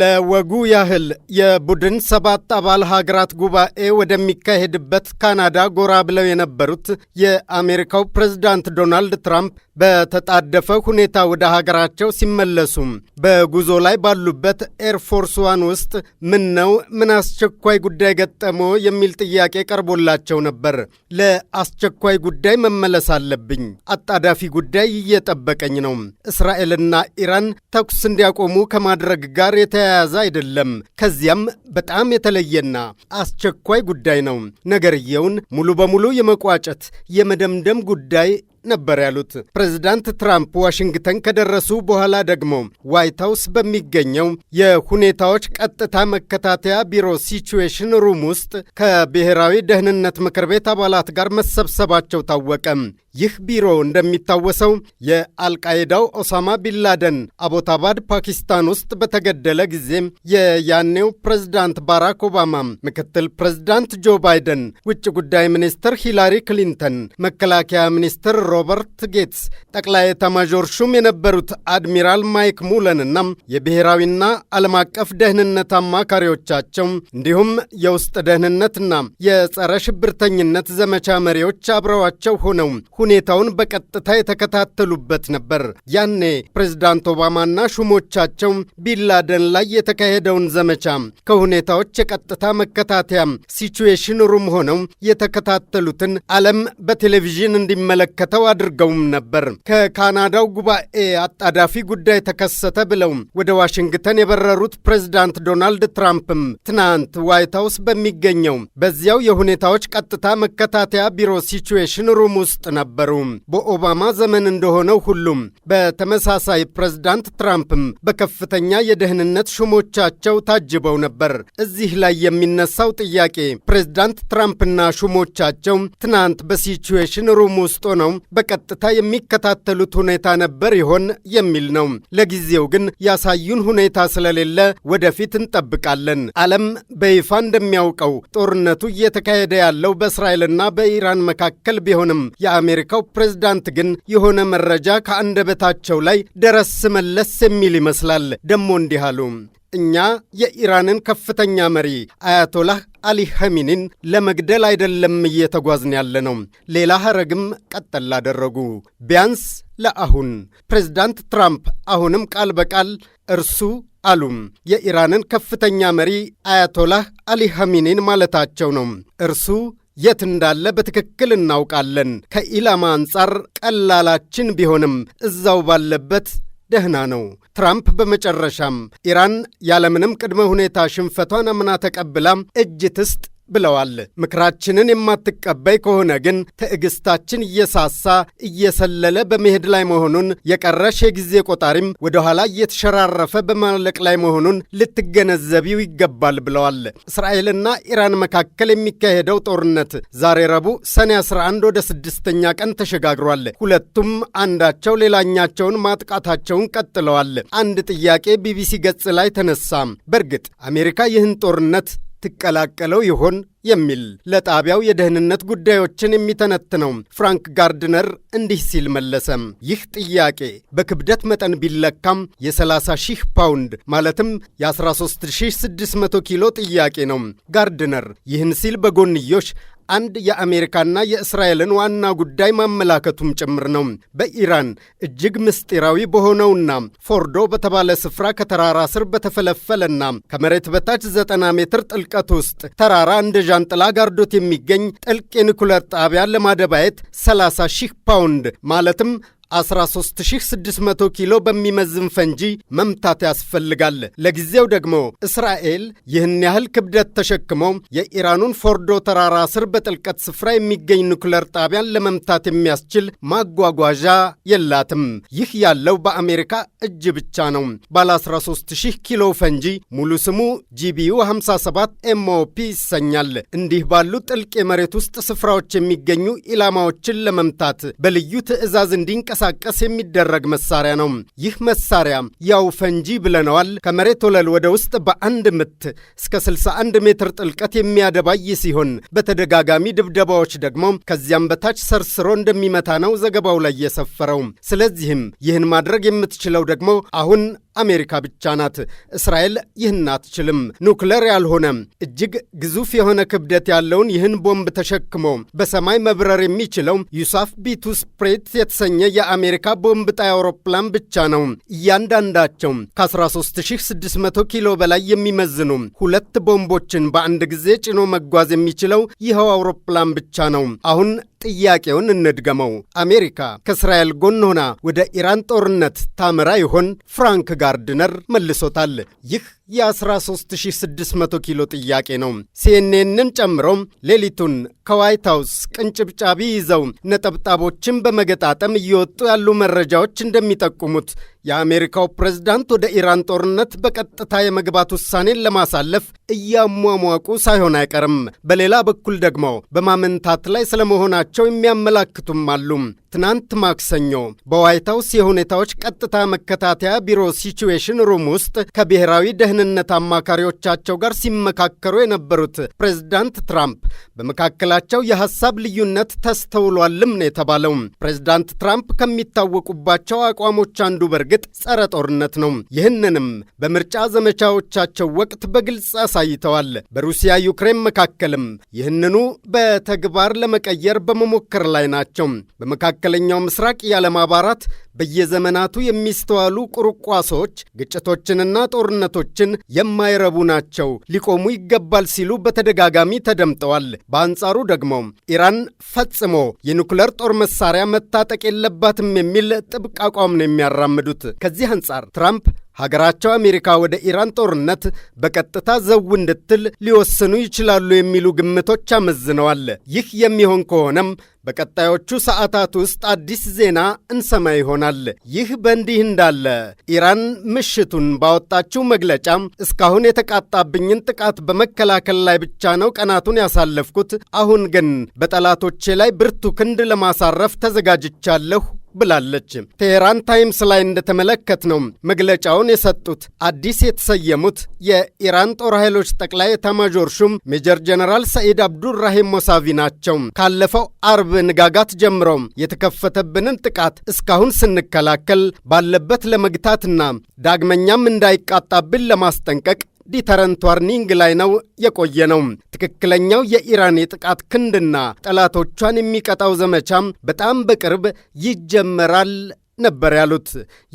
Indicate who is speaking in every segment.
Speaker 1: ለወጉ ያህል የቡድን ሰባት አባል ሀገራት ጉባኤ ወደሚካሄድበት ካናዳ ጎራ ብለው የነበሩት የአሜሪካው ፕሬዝዳንት ዶናልድ ትራምፕ በተጣደፈ ሁኔታ ወደ ሀገራቸው ሲመለሱም በጉዞ ላይ ባሉበት ኤርፎርስ ዋን ውስጥ ምን ነው ምን አስቸኳይ ጉዳይ ገጠመው የሚል ጥያቄ ቀርቦላቸው ነበር። ለአስቸኳይ ጉዳይ መመለስ አለብኝ፣ አጣዳፊ ጉዳይ እየጠበቀኝ ነው፣ እስራኤልና ኢራን ተኩስ እንዲያቆሙ ከማድረግ ጋር የተያያዘ አይደለም፣ ከዚያም በጣም የተለየና አስቸኳይ ጉዳይ ነው፣ ነገርየውን ሙሉ በሙሉ የመቋጨት የመደምደም ጉዳይ ነበር ያሉት። ፕሬዚዳንት ትራምፕ ዋሽንግተን ከደረሱ በኋላ ደግሞ ዋይት ሀውስ በሚገኘው የሁኔታዎች ቀጥታ መከታተያ ቢሮ ሲቹዌሽን ሩም ውስጥ ከብሔራዊ ደህንነት ምክር ቤት አባላት ጋር መሰብሰባቸው ታወቀ። ይህ ቢሮ እንደሚታወሰው የአልቃይዳው ኦሳማ ቢንላደን አቦታባድ ፓኪስታን ውስጥ በተገደለ ጊዜ የያኔው ፕሬዝዳንት ባራክ ኦባማ፣ ምክትል ፕሬዝዳንት ጆ ባይደን፣ ውጭ ጉዳይ ሚኒስትር ሂላሪ ክሊንተን፣ መከላከያ ሚኒስትር ሮበርት ጌትስ፣ ጠቅላይ ኤታማዦር ሹም የነበሩት አድሚራል ማይክ ሙለንና የብሔራዊና ዓለም አቀፍ ደህንነት አማካሪዎቻቸው እንዲሁም የውስጥ ደህንነትና የጸረ ሽብርተኝነት ዘመቻ መሪዎች አብረዋቸው ሆነው ሁኔታውን በቀጥታ የተከታተሉበት ነበር። ያኔ ፕሬዝዳንት ኦባማና ሹሞቻቸው ቢንላደን ላይ የተካሄደውን ዘመቻ ከሁኔታዎች የቀጥታ መከታተያ ሲቹዌሽን ሩም ሆነው የተከታተሉትን ዓለም በቴሌቪዥን እንዲመለከተው አድርገውም ነበር። ከካናዳው ጉባኤ አጣዳፊ ጉዳይ ተከሰተ ብለው ወደ ዋሽንግተን የበረሩት ፕሬዚዳንት ዶናልድ ትራምፕም ትናንት ዋይት ሀውስ በሚገኘው በዚያው የሁኔታዎች ቀጥታ መከታተያ ቢሮ ሲቹዌሽን ሩም ውስጥ ነበሩ። በኦባማ ዘመን እንደሆነው ሁሉም በተመሳሳይ ፕሬዚዳንት ትራምፕም በከፍተኛ የደህንነት ሹሞቻቸው ታጅበው ነበር። እዚህ ላይ የሚነሳው ጥያቄ ፕሬዚዳንት ትራምፕና ሹሞቻቸው ትናንት በሲቹዌሽን ሩም ውስጥ ሆነው በቀጥታ የሚከታተሉት ሁኔታ ነበር ይሆን የሚል ነው። ለጊዜው ግን ያሳዩን ሁኔታ ስለሌለ ወደፊት እንጠብቃለን። ዓለም በይፋ እንደሚያውቀው ጦርነቱ እየተካሄደ ያለው በእስራኤልና በኢራን መካከል ቢሆንም የአሜሪካው ፕሬዝዳንት ግን የሆነ መረጃ ከአንደበታቸው ላይ ደረስ መለስ የሚል ይመስላል። ደሞ እንዲህ አሉ። እኛ የኢራንን ከፍተኛ መሪ አያቶላህ አሊ ኸሚኒን ለመግደል አይደለም እየተጓዝን ያለ ነው። ሌላ ሀረግም ቀጠል አደረጉ። ቢያንስ ለአሁን ፕሬዝዳንት ትራምፕ አሁንም ቃል በቃል እርሱ አሉም የኢራንን ከፍተኛ መሪ አያቶላህ አሊ ኸሚኒን ማለታቸው ነው። እርሱ የት እንዳለ በትክክል እናውቃለን። ከኢላማ አንጻር ቀላላችን ቢሆንም እዛው ባለበት ደህና ነው። ትራምፕ በመጨረሻም ኢራን ያለምንም ቅድመ ሁኔታ ሽንፈቷን አምና ተቀብላም እጅ ትስጥ ብለዋል። ምክራችንን የማትቀበይ ከሆነ ግን ትዕግስታችን እየሳሳ እየሰለለ በመሄድ ላይ መሆኑን የቀረሽ የጊዜ ቆጣሪም ወደ ኋላ እየተሸራረፈ በማለቅ ላይ መሆኑን ልትገነዘቢው ይገባል ብለዋል። እስራኤልና ኢራን መካከል የሚካሄደው ጦርነት ዛሬ ረቡዕ ሰኔ 11 ወደ ስድስተኛ ቀን ተሸጋግሯል። ሁለቱም አንዳቸው ሌላኛቸውን ማጥቃታቸውን ቀጥለዋል። አንድ ጥያቄ ቢቢሲ ገጽ ላይ ተነሳ። በእርግጥ አሜሪካ ይህን ጦርነት ትቀላቀለው ይሆን የሚል ለጣቢያው የደህንነት ጉዳዮችን የሚተነትነው ፍራንክ ጋርድነር እንዲህ ሲል መለሰም። ይህ ጥያቄ በክብደት መጠን ቢለካም የ30 ሺህ ፓውንድ ማለትም የ13600 ኪሎ ጥያቄ ነው። ጋርድነር ይህን ሲል በጎንዮሽ አንድ የአሜሪካና የእስራኤልን ዋና ጉዳይ ማመላከቱም ጭምር ነው። በኢራን እጅግ ምስጢራዊ በሆነውና ፎርዶ በተባለ ስፍራ ከተራራ ስር በተፈለፈለና ከመሬት በታች ዘጠና ሜትር ጥልቀት ውስጥ ተራራ እንደ ዣንጥላ ጋርዶት የሚገኝ ጥልቅ የኒኩለር ጣቢያ ለማደባየት 30 ሺህ ፓውንድ ማለትም 13600 ኪሎ በሚመዝን ፈንጂ መምታት ያስፈልጋል። ለጊዜው ደግሞ እስራኤል ይህን ያህል ክብደት ተሸክሞ የኢራኑን ፎርዶ ተራራ ስር በጥልቀት ስፍራ የሚገኝ ኒኩለር ጣቢያን ለመምታት የሚያስችል ማጓጓዣ የላትም። ይህ ያለው በአሜሪካ እጅ ብቻ ነው። ባለ 13000 ኪሎ ፈንጂ ሙሉ ስሙ ጂቢዩ 57 ኤምኦፒ ይሰኛል። እንዲህ ባሉ ጥልቅ የመሬት ውስጥ ስፍራዎች የሚገኙ ኢላማዎችን ለመምታት በልዩ ትዕዛዝ እንዲንቀ እንዲንቀሳቀስ የሚደረግ መሳሪያ ነው። ይህ መሳሪያ ያው ፈንጂ ብለነዋል። ከመሬት ወለል ወደ ውስጥ በአንድ ምት እስከ 61 ሜትር ጥልቀት የሚያደባይ ሲሆን በተደጋጋሚ ድብደባዎች ደግሞ ከዚያም በታች ሰርስሮ እንደሚመታ ነው ዘገባው ላይ የሰፈረው። ስለዚህም ይህን ማድረግ የምትችለው ደግሞ አሁን አሜሪካ ብቻ ናት። እስራኤል ይህን አትችልም። ኑክለር ያልሆነ እጅግ ግዙፍ የሆነ ክብደት ያለውን ይህን ቦምብ ተሸክሞ በሰማይ መብረር የሚችለው ዩሳፍ ቢቱ ስፕሬት የተሰኘ የአሜሪካ ቦምብ ጣይ አውሮፕላን ብቻ ነው። እያንዳንዳቸው ከ13600 ኪሎ በላይ የሚመዝኑ ሁለት ቦምቦችን በአንድ ጊዜ ጭኖ መጓዝ የሚችለው ይኸው አውሮፕላን ብቻ ነው አሁን ጥያቄውን እንድገመው። አሜሪካ ከእስራኤል ጎን ሆና ወደ ኢራን ጦርነት ታመራ ይሆን? ፍራንክ ጋርድነር መልሶታል። ይህ የ13600 ኪሎ ጥያቄ ነው። ሲኤንኤንን ጨምሮም ሌሊቱን ከዋይት ሀውስ ቅንጭብጫቢ ይዘው ነጠብጣቦችን በመገጣጠም እየወጡ ያሉ መረጃዎች እንደሚጠቁሙት የአሜሪካው ፕሬዝዳንት ወደ ኢራን ጦርነት በቀጥታ የመግባት ውሳኔን ለማሳለፍ እያሟሟቁ ሳይሆን አይቀርም። በሌላ በኩል ደግሞ በማመንታት ላይ ስለመሆናቸው የሚያመላክቱም አሉ። ትናንት ማክሰኞ በዋይት ሀውስ የሁኔታዎች ቀጥታ መከታተያ ቢሮ ሲቹዌሽን ሩም ውስጥ ከብሔራዊ ደህንነት አማካሪዎቻቸው ጋር ሲመካከሩ የነበሩት ፕሬዝዳንት ትራምፕ በመካከላቸው የሐሳብ ልዩነት ተስተውሏልም ነው የተባለው። ፕሬዝዳንት ትራምፕ ከሚታወቁባቸው አቋሞች አንዱ በእርግጥ ጸረ ጦርነት ነው። ይህንንም በምርጫ ዘመቻዎቻቸው ወቅት በግልጽ አሳይተዋል። በሩሲያ ዩክሬን መካከልም ይህንኑ በተግባር ለመቀየር በመሞከር ላይ ናቸው። በመካከል መካከለኛው ምስራቅ ያለማባራት በየዘመናቱ የሚስተዋሉ ቁርቋሶች ግጭቶችንና ጦርነቶችን የማይረቡ ናቸው፣ ሊቆሙ ይገባል ሲሉ በተደጋጋሚ ተደምጠዋል። በአንጻሩ ደግሞ ኢራን ፈጽሞ የኒኩለር ጦር መሳሪያ መታጠቅ የለባትም የሚል ጥብቅ አቋም ነው የሚያራምዱት። ከዚህ አንጻር ትራምፕ ሀገራቸው አሜሪካ ወደ ኢራን ጦርነት በቀጥታ ዘው እንድትል ሊወስኑ ይችላሉ የሚሉ ግምቶች አመዝነዋል። ይህ የሚሆን ከሆነም በቀጣዮቹ ሰዓታት ውስጥ አዲስ ዜና እንሰማ ይሆናል። ይህ በእንዲህ እንዳለ ኢራን ምሽቱን ባወጣችው መግለጫ እስካሁን የተቃጣብኝን ጥቃት በመከላከል ላይ ብቻ ነው ቀናቱን ያሳለፍኩት፣ አሁን ግን በጠላቶቼ ላይ ብርቱ ክንድ ለማሳረፍ ተዘጋጅቻለሁ ብላለች። ቴሄራን ታይምስ ላይ እንደተመለከት ነው መግለጫውን የሰጡት አዲስ የተሰየሙት የኢራን ጦር ኃይሎች ጠቅላይ ኤታማዦር ሹም ሜጀር ጀነራል ሰኢድ አብዱራሂም ሞሳቪ ናቸው። ካለፈው አርብ ንጋጋት ጀምሮ የተከፈተብንን ጥቃት እስካሁን ስንከላከል ባለበት ለመግታትና ዳግመኛም እንዳይቃጣብን ለማስጠንቀቅ ዲተረንት ዋርኒንግ ላይ ነው የቆየ ነው። ትክክለኛው የኢራን የጥቃት ክንድና ጠላቶቿን የሚቀጣው ዘመቻ በጣም በቅርብ ይጀመራል ነበር ያሉት።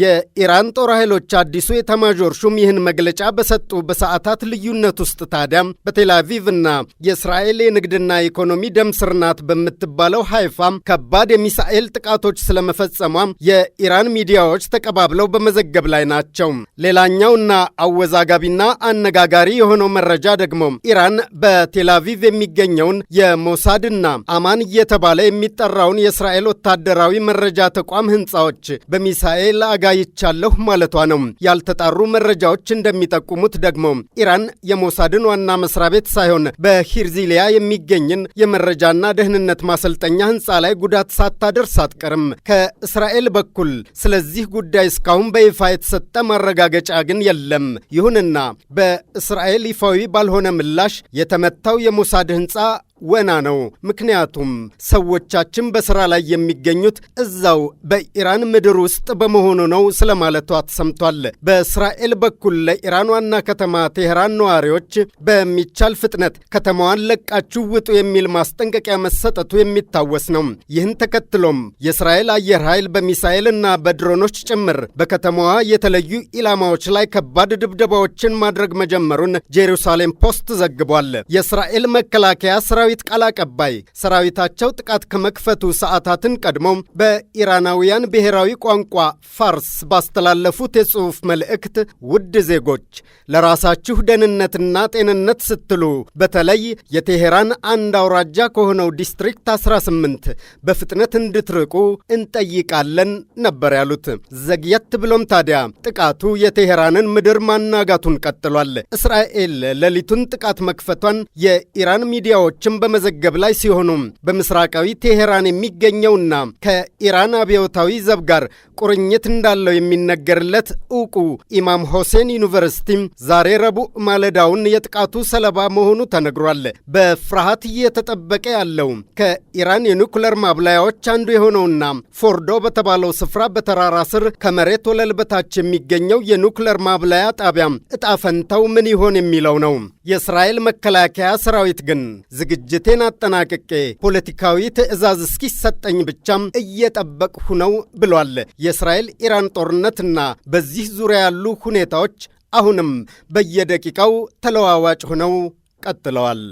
Speaker 1: የኢራን ጦር ኃይሎች አዲሱ የተማዦር ሹም ይህን መግለጫ በሰጡ በሰዓታት ልዩነት ውስጥ ታዲያም በቴላቪቭና የእስራኤል የንግድና ኢኮኖሚ ደምስርናት ናት በምትባለው ሃይፋም ከባድ የሚሳኤል ጥቃቶች ስለመፈጸሟም የኢራን ሚዲያዎች ተቀባብለው በመዘገብ ላይ ናቸው። ሌላኛውና አወዛጋቢና አነጋጋሪ የሆነው መረጃ ደግሞ ኢራን በቴላቪቭ የሚገኘውን የሞሳድና አማን እየተባለ የሚጠራውን የእስራኤል ወታደራዊ መረጃ ተቋም ህንፃዎች በሚሳኤል አጋይቻለሁ ማለቷ ነው። ያልተጣሩ መረጃዎች እንደሚጠቁሙት ደግሞ ኢራን የሞሳድን ዋና መስሪያ ቤት ሳይሆን በሂርዚሊያ የሚገኝን የመረጃና ደህንነት ማሰልጠኛ ህንፃ ላይ ጉዳት ሳታደርስ አትቀርም ከእስራኤል በኩል። ስለዚህ ጉዳይ እስካሁን በይፋ የተሰጠ ማረጋገጫ ግን የለም። ይሁንና በእስራኤል ይፋዊ ባልሆነ ምላሽ የተመታው የሞሳድ ህንፃ ወና ነው። ምክንያቱም ሰዎቻችን በስራ ላይ የሚገኙት እዛው በኢራን ምድር ውስጥ በመሆኑ ነው ስለማለቷ ተሰምቷል። በእስራኤል በኩል ለኢራን ዋና ከተማ ቴህራን ነዋሪዎች በሚቻል ፍጥነት ከተማዋን ለቃችሁ ውጡ የሚል ማስጠንቀቂያ መሰጠቱ የሚታወስ ነው። ይህን ተከትሎም የእስራኤል አየር ኃይል በሚሳኤል እና በድሮኖች ጭምር በከተማዋ የተለዩ ኢላማዎች ላይ ከባድ ድብደባዎችን ማድረግ መጀመሩን ጄሩሳሌም ፖስት ዘግቧል። የእስራኤል መከላከያ ስራ ሰራዊት ቃል አቀባይ ሰራዊታቸው ጥቃት ከመክፈቱ ሰዓታትን ቀድሞ በኢራናውያን ብሔራዊ ቋንቋ ፋርስ ባስተላለፉት የጽሑፍ መልእክት ውድ ዜጎች ለራሳችሁ ደህንነትና ጤንነት ስትሉ በተለይ የቴሄራን አንድ አውራጃ ከሆነው ዲስትሪክት 18 በፍጥነት እንድትርቁ እንጠይቃለን ነበር ያሉት። ዘግየት ብሎም ታዲያ ጥቃቱ የቴሄራንን ምድር ማናጋቱን ቀጥሏል። እስራኤል ሌሊቱን ጥቃት መክፈቷን የኢራን ሚዲያዎችም በመዘገብ ላይ ሲሆኑ በምስራቃዊ ቴሄራን የሚገኘውና ከኢራን አብዮታዊ ዘብ ጋር ቁርኝት እንዳለው የሚነገርለት ያስታወቁ። ኢማም ሆሴን ዩኒቨርሲቲም ዛሬ ረቡዕ ማለዳውን የጥቃቱ ሰለባ መሆኑ ተነግሯል። በፍርሃት እየተጠበቀ ያለው ከኢራን የኒኩለር ማብላያዎች አንዱ የሆነውና ፎርዶ በተባለው ስፍራ በተራራ ስር ከመሬት ወለል በታች የሚገኘው የኒኩለር ማብላያ ጣቢያ እጣ ፈንታው ምን ይሆን የሚለው ነው። የእስራኤል መከላከያ ሰራዊት ግን ዝግጅቴን አጠናቅቄ ፖለቲካዊ ትዕዛዝ እስኪሰጠኝ ብቻም እየጠበቅሁ ነው ብሏል። የእስራኤል ኢራን ጦርነትና በዚህ ዙሪያ ያሉ ሁኔታዎች አሁንም በየደቂቃው ተለዋዋጭ ሆነው ቀጥለዋል።